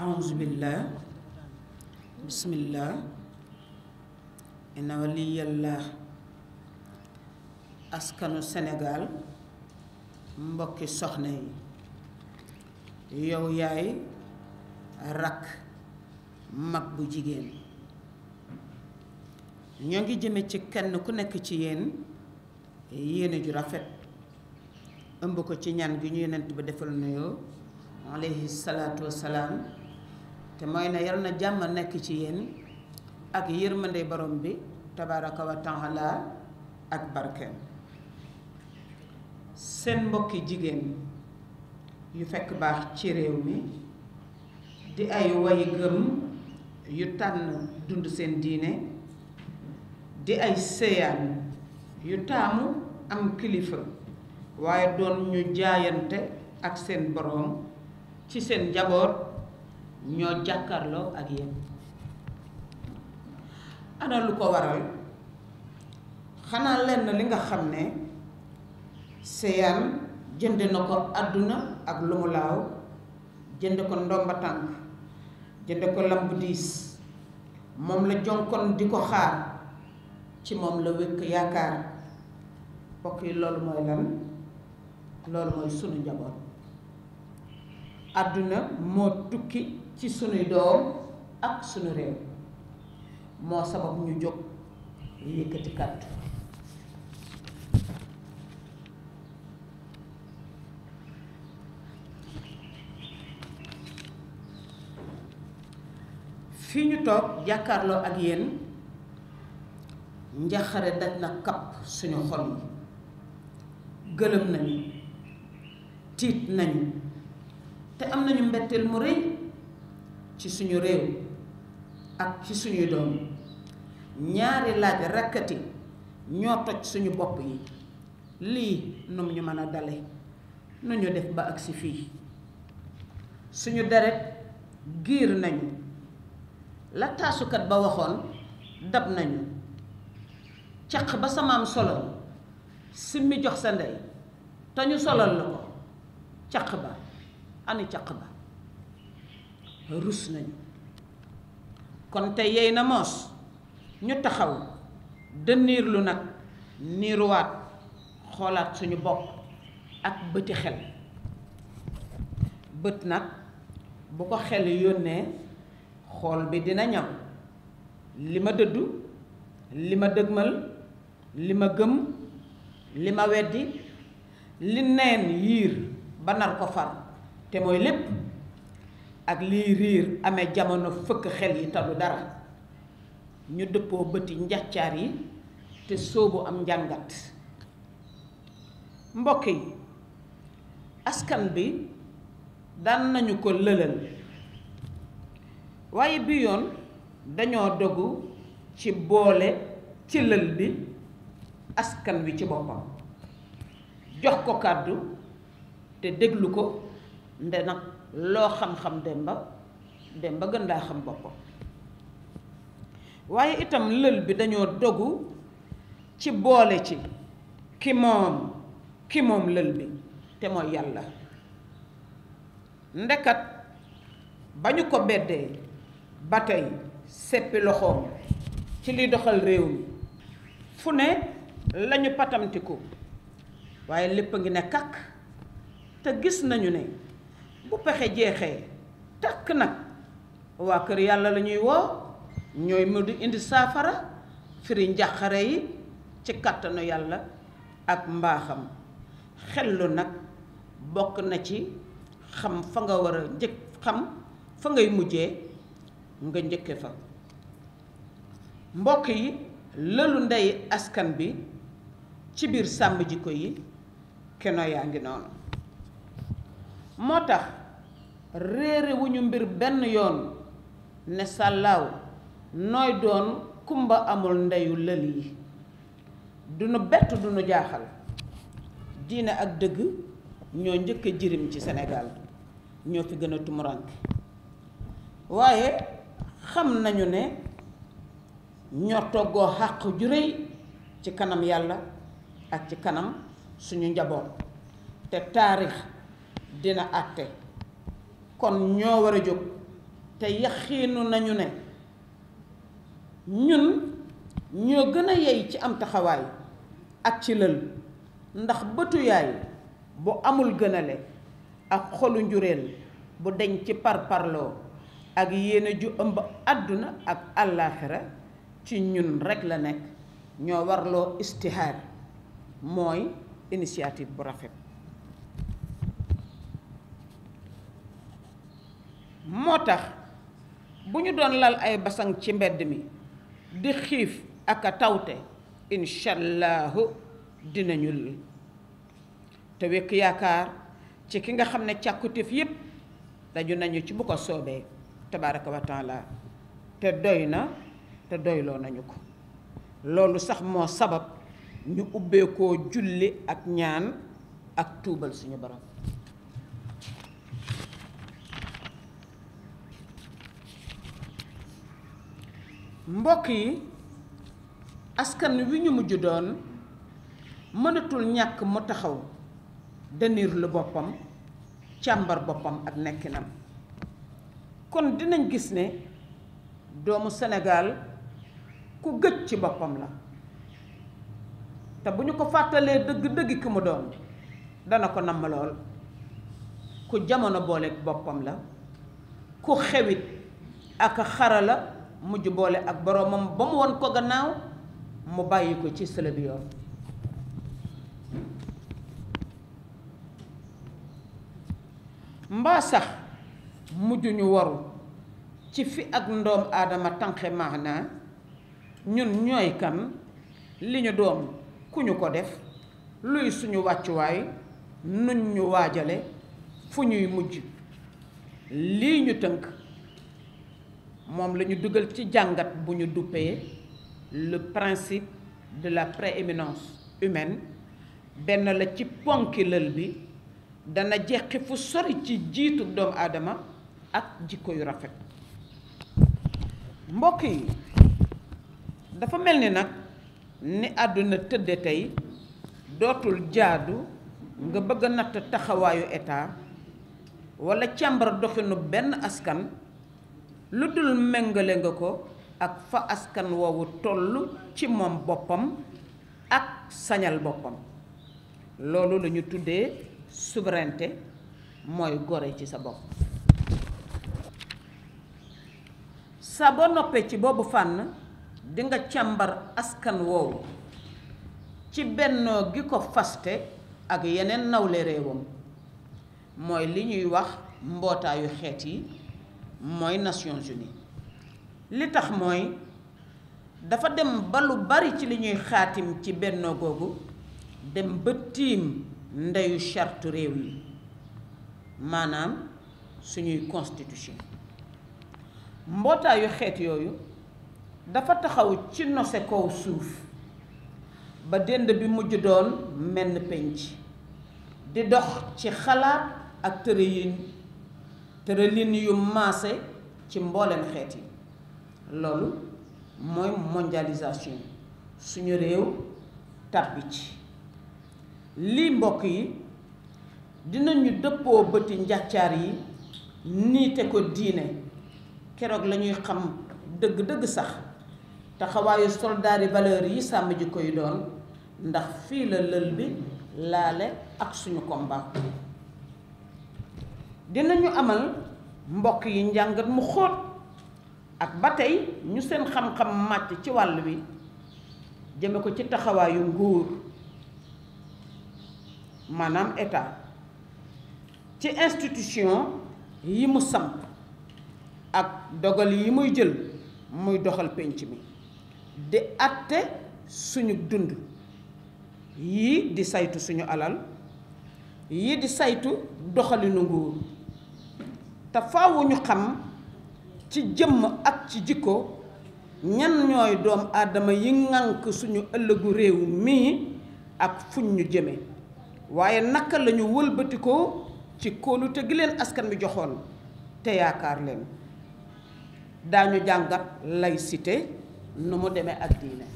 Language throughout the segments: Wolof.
aouzubillah bismillah inna waliyallah askanu Sénégal mbokki soxna yi yow yaay rakk mag bu jigéen ñoo ngi jëme ci kenn ku nekk ci yéen yéene ju rafet ëmb ko ci ñaan gi ñu yonent ba defal nuyoo alayhi salaatu te mooy na yal na jàmm nekk ci yéen ak yërmande borom bi tabaraka wa ak barkeem seen mbokki jigéen yu fekk baax ci réew mi di ay way gëm yu tànn dund seen diine di ay séyaan yu taamu am kilifa waaye doon ñu jaayante ak seen boroom ci seen njaboot ñoo jàkkarloo ak yéen ana lu ko waral xanaa lenn li nga xam ne seyaan jënd na ko àdduna ak lu laaw jënd ko ndomba tànk jënd ko lamb diis moom la jonkon di ko xaar ci moom la wékk yaakaar mbokk yi loolu mooy lan loolu mooy sunu njaboot àdduna moo tukki ci sunuy doom ak sunu réew moo sabab ñu jóg yëkkati kàddu fii ñu toog jàkkaarloo ak yéen njaxare daj na kapp suñu xol yi gëlëm nañu tiit nañu te am nañu mbetteel mu rëy ci suñu réew ak ci suñu doom ñaari laaj rakkati ñoo toj suñu bopp yi lii num ñu mën a dale nu ñu def ba agsi fii suñu deret giir nañu la taasukat ba waxoon dab nañu caq ba samaam solo simmi jox sa ndey te ñu solal la ko caq ba ani caq ba rus nañu kon tey yey na moos ñu taxaw dënniir lu nag niiruwaat xoolaat suñu bopp ak bëti xel bët nag bu ko xel yónnee xool bi dina ñaw li ma dëddu li ma dëgmal li ma gëm li ma weddi li neen yiir ba nar ko far te mooy lépp ak lii riir ame jamono fëkk xel yi talu dara ñu dëppoo bëti njaccaar yi te sóobu am njàngat mbokk yi askan bi daan nañu ko lëlal waaye bi yoon dañoo dogu ci boole ci lël bi askan wi ci boppam jox ko kàddu te déglu ko nde nag loo xam-xam dem ba gën laa xam boppam waaye itam lël bi dañoo dogu ci boole ci ki moom ki moom lël bi te mooy yàlla ndekat ba ñu ko beddee ba tey seppi loxoom ci li doxal réew mi fu ne lañu patamtiku waaye lépp a ngi ne kàkk te gis nañu ne bu pexe jeexee takk nag waa kër yàlla lañuy woo ñooy mu indi saafara firi njàqare yi ci kàttanu yàlla ak mbaaxam xellu nag bokk na ci xam fa nga war a njëkk xam fa ngay mujje nga njëkke fa mbokk yi lëlu ndey askan bi ci biir sàmm yi keno yaa ngi noonu moo tax réere wu ñu mbir benn yoon ne sàllaaw nooy doon kumba amul ndeyu lël yi du nu bett du nu jaaxal diine ak dëgg ñoo njëkk jirim ci Sénégal ñoo fi gën a tumurank waaye xam nañu ne ñoo toggoo xàq ju ci kanam yàlla ak ci kanam suñu njaboot te taarix dina àtte kon ñoo war a jóg te yaxiinu nañu ne ñun ñoo gën a yey ci am taxawaay ak ci lël ndax bëtu yaay bu amul gënale ak xolu njureel bu deñ ci parparloo ak yéene ju ëmb àdduna ak àllaaxira ci ñun rekk la nekk ñoo warloo istihaar mooy initiative bu rafet moo tax bu ñu doon lal ay basang ci mbedd mi di xiif ak a tawte incha allahu dinañu li te wekk yaakaar ci ki nga xam ne càkkutéef yépp daju nañu ci bu ko soobee tabaraka wa te doy na te doyloo nañu ko loolu sax moo sabab ñu ubbeekoo julli ak ñaan ak tuubal suñu borom mbokk yi askan wi ñu mujj doon mënatul ñàkk mu taxaw daniir lu boppam càmbar boppam ak nekkinam kon dinañ gis ne doomu senegaal ku gëj ci boppam la te bu ñu ko fàttalee dëgg dëgg ki mu doon dana ko namm lool ku jamono booleeg boppam la ku xewit ak xarala mujj boole ak boroomam ba won ko gannaaw mu bàyyi ko ci sële bi yoon mbaa sax mujj ñu waru ci fi ak ndoom aadama tànqe maanaa ñun ñooy kan li ñu doom ku ñu ko def luy suñu wàccuwaay nun ñu waajale fu ñuy mujj lii ñu tënk moom lañu dugal ci jàngat bu ñu duppee le principe de la prééminence humaine benn la ci ponki lël bi dana jeqi fu sori ci jiitu doom aadama ak jikko yu rafet mbokk yi dafa mel ni nag ni àdduna tëdde tey dootul jaadu nga bëgg a natt taxawaayu état wala càmbar doxinu benn askan lu dul méngale nga ko ak fa askan woowu toll ci moom boppam ak sañal boppam loolu lañu tuddee souveraineté mooy gore ci sa bopp sa boo noppee ci boobu fànn dinga càmbar askan woowu ci bennoo gi ko faste ak yeneen nawle réewam mooy li ñuy wax mbootaayu xeet yi mooy Nations Unies li tax mooy dafa dem ba lu bari ci li ñuy xaatim ci bennoo googu dem ba tiim ndeyu charte réew yi maanaam suñuy constitution mbootaayu xeet yooyu dafa taxaw ci nose kaw suuf ba dënd bi mujj doon menn penc di dox ci xalaat ak tërëyin tëralin yu maase ci mboolem xeet yi loolu mooy mondialisation suñu réew tàbbi ci lii mbokk yi dinañu dëppoo bëti njàccaar yi niite ko diine keroog lañuy xam dëgg-dëgg sax taxawaayu soldaari valeur yi sàmm ji koy doon ndax fii la lël bi laale ak suñu ko combat dinañu amal mbokk yi njàngat mu xóot ak ba tey ñu seen xam-xam màcc ci wàll wi jëme ko ci taxawaayu nguur maanaam état ci institution yi mu samp ak dogal yi muy jël muy doxal pénc mi di àtte suñu dund yii di saytu suñu alal yii di saytu doxalinu nguur te faaw xam ci jëmm ak ci jikko ñan ñooy doom aadama yi ŋànk suñu ëllëgu réew mii ak fuñ ñu jëme waaye naka lañu wëlbatikoo ci kóolute gi leen askan bi joxoon te yaakaar leen daañu jàngat laïcité nu mu demee ak diine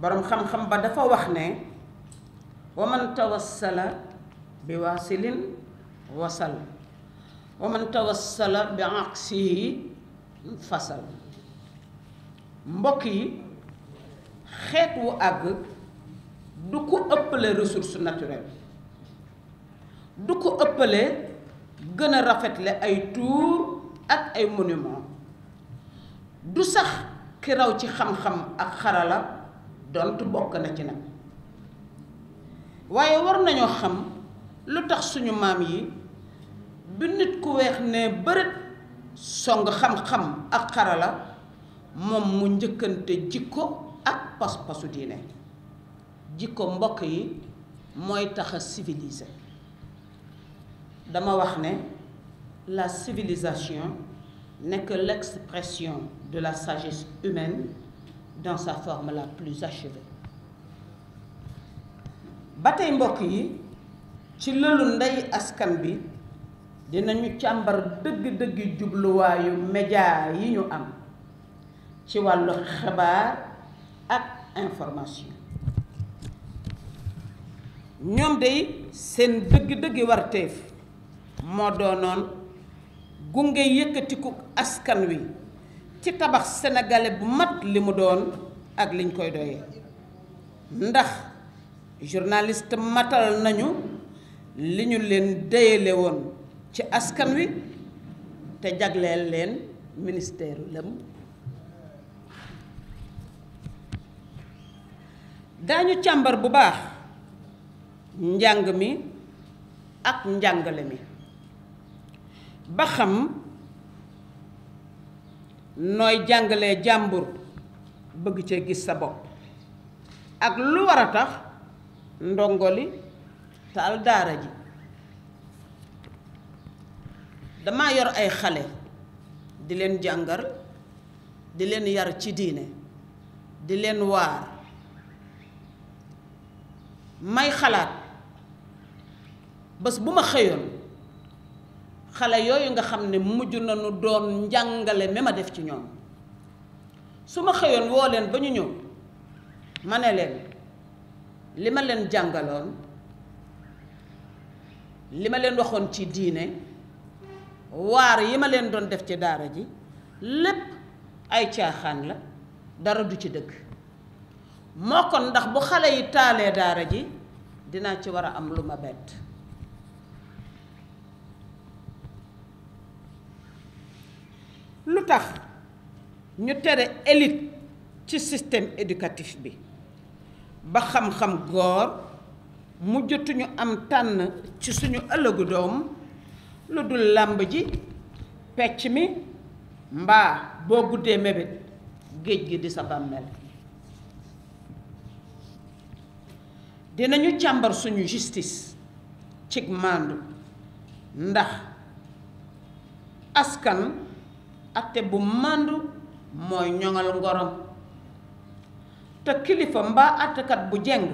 boroom xam-xam ba dafa wax ne wa man tawassala bi waasilin wasal wa man tawassala bi aksihi fasal mbokk yi xeet wu àgg du ko ëppale ressource naturel du ko ëppale gën a rafetle ay tour ak ay monument du sax ki raw ci xam-xam ak xarala dont bokk na ci nag waaye war nañoo xam lu tax suñu maam yi bi nit ku weex ne bërët song xam-xam ak xarala moom mu njëkkante jikko ak pas-pasu diine jikko mbokk yi mooy tax a dama wax ne la civilisation nekk que l'expression de la sagesse humaine dans sa forme la plus achevée ba tey mbokk yi ci loolu ndey askan bi dinañu càmbar dëgg-dëgg jubluwaayu média yi ñu am ci wàllu xibaar ak information ñoom dey seen dëgg-dëggi warteef moo doonoon gunge yëkkatiku askan wi ci tabax senegale bu mat li mu doon ak liñ koy doyee ndax journaliste matal nañu li ñu leen déyale woon ci askan wi te jagleel leen ministère lëm daañu càmbar bu baax njàng mi ak njàngale mi ba xam nooy jàngale jàmbur bëgg cee gis sa bopp ak lu war a tax ndongoli taal daara ji dama yor ay xale di leen jàngal di leen yar ci diine di leen waar may xalaat bés bu ma xëyoon xale yooyu nga xam ne mujj nu doon njàngale mi ma def ci ñoom su ma xëyoon woo leen ba ñu ñëw ma ne leen li ma leen jàngaloon li ma leen waxoon ci diine waar yi ma leen doon def ci daara ji lépp ay caaxaan la dara du ci dëgg moo kon ndax bu xale yi taalee daara ji dinaa ci war a am lu ma bett lu tax ñu tere élite ci système éducatif bi ba xam-xam góor mujjatuñu am tànn ci suñu ëllëgu doom lu dul làmb ji pecc mi mbaa boo guddee mébét géej gi di sa bàmmeel dinañu càmbar suñu justice cig màndu ndax askan ate bu màndu mooy ñoŋal ngorom te kilifa mbaa àttekat bu jeng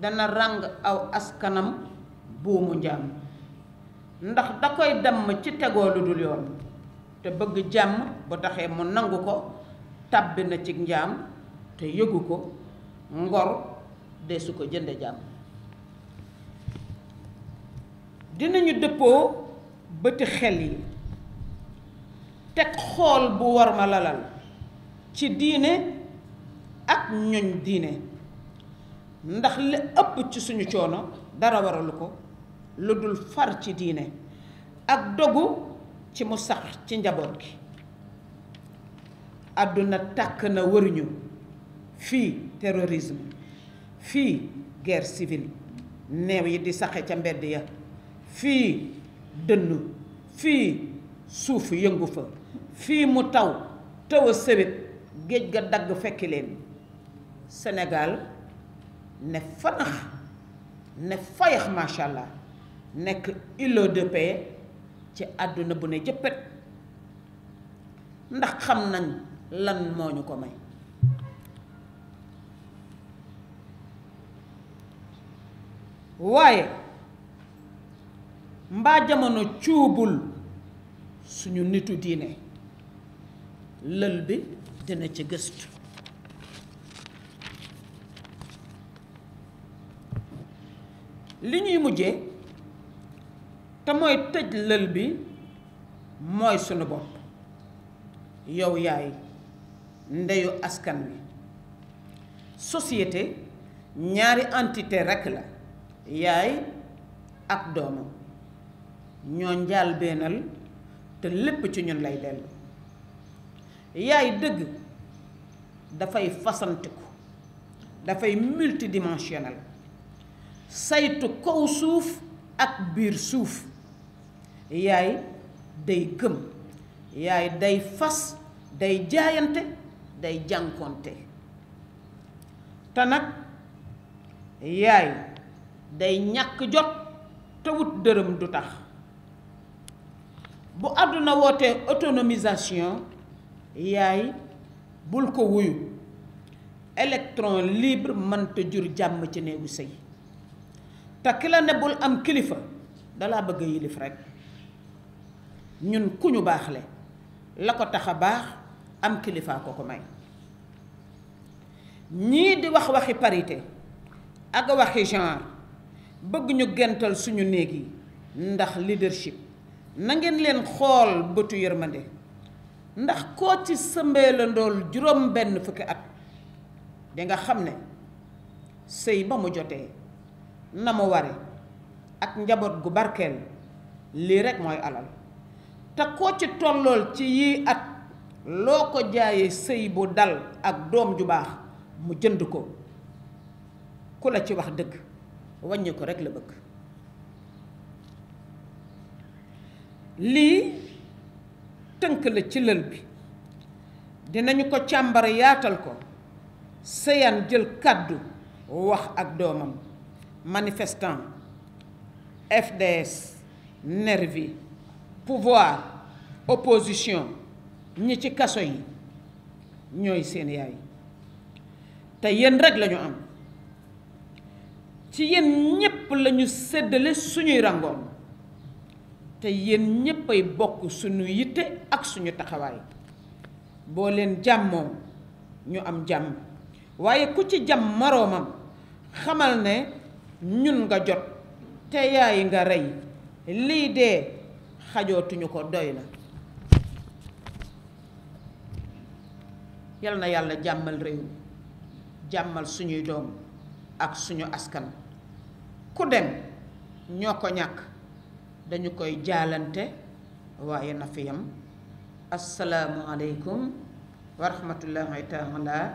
dana ràng aw askanam buumu njaam ndax da koy damm ci tegoo lu dul yoon te bëgg jàmm bu taxee mu nangu ko tàbbi na ci njaam te yëgu ko ngor desu ko jënde jàmm dinañu dëppoo bëti xel yi teg xool bu war ma lalal ci diine ñoñ diine ndax li ëpp ci suñu coono dara waralu ko lu dul far ci diine ak dogu ci mu sax ci njaboot gi àdduna tàkk na wëruñu fii terorisme fii guerre civile neew yi di saxe ca mbedd ya fii dënn fii suuf yëngu fa fii mu taw taw a géej ga dagg fekki leen Sénégal ne fanax ne fayax macha allah nekk ilo de paix ci àdduna bu ne jëppet ndax xam nañ lan moo ñu ko may waaye mbaa jamono cuubul suñu nitu diine lël bi dina ci gëstu li ñuy mujje te mooy tëj lël bi mooy sunu bopp yow yaay ndeyu askan wi société ñaari entité rekk la yaay ab doomam ñoo njaal beenal te lépp ci ñun lay dellu yaay dëgg dafay fasantiku dafay multidimensionnel saytu kow suuf ak biir suuf yaay day gëm yaay day fas day jaayante day jànkonte te nag yaay day ñàkk jot te dërëm du tax bu àdduna wootee autonomisation yaay bul ko wuyu électron libre mënta jur jàmm ci néegu sëy te ki la nebul am kilifa dalaa bëgg a yilif rekk ñun ku ñu baaxle la ko tax a baax am kilifaa ko ko may ñii di wax waxi parité ak waxi genre bëgg ñu gental suñu néeg yi ndax leadership na ngeen leen xool bëtu yërmande ndax koo ci sëmbeelandool juróom benn fukki at di nga xam ne sëy ba mu jotee na mu ware ak njaboot gu barkeel lii rekk mooy alal te koo ci tollool ci yii at loo ko jaaye sëy bu dal ak doom ju baax mu jënd ko ku la ci wax dëkk wàññi rekk la bëgg lii tënk la ci lël bi dinañu ko càmbar yaatal ko sëyaan jël kàddu wax ak doomam manifestants FDS nervi pouvoir opposition ñi ci kaso yi ñooy seen yaay te yéen rek lañu am ci yéen ñépp lañu séddale suñuy rangoon te yéen ñépp bokk suñu yitte ak suñu taxawaay boo leen jàmmoo ñu am jàmm waaye ku ci jàmm moroomam xamal ne ñun nga jot te yaay nga rey lii dee xajootuñu ko doy na yal na yàlla jàmmal réew mi jàmmal suñuy doom ak suñu askan ku dem ñoo ko ñàkk dañu koy jaalante waaye na fi yam assalaamu aleykum wa rahmatullahi taala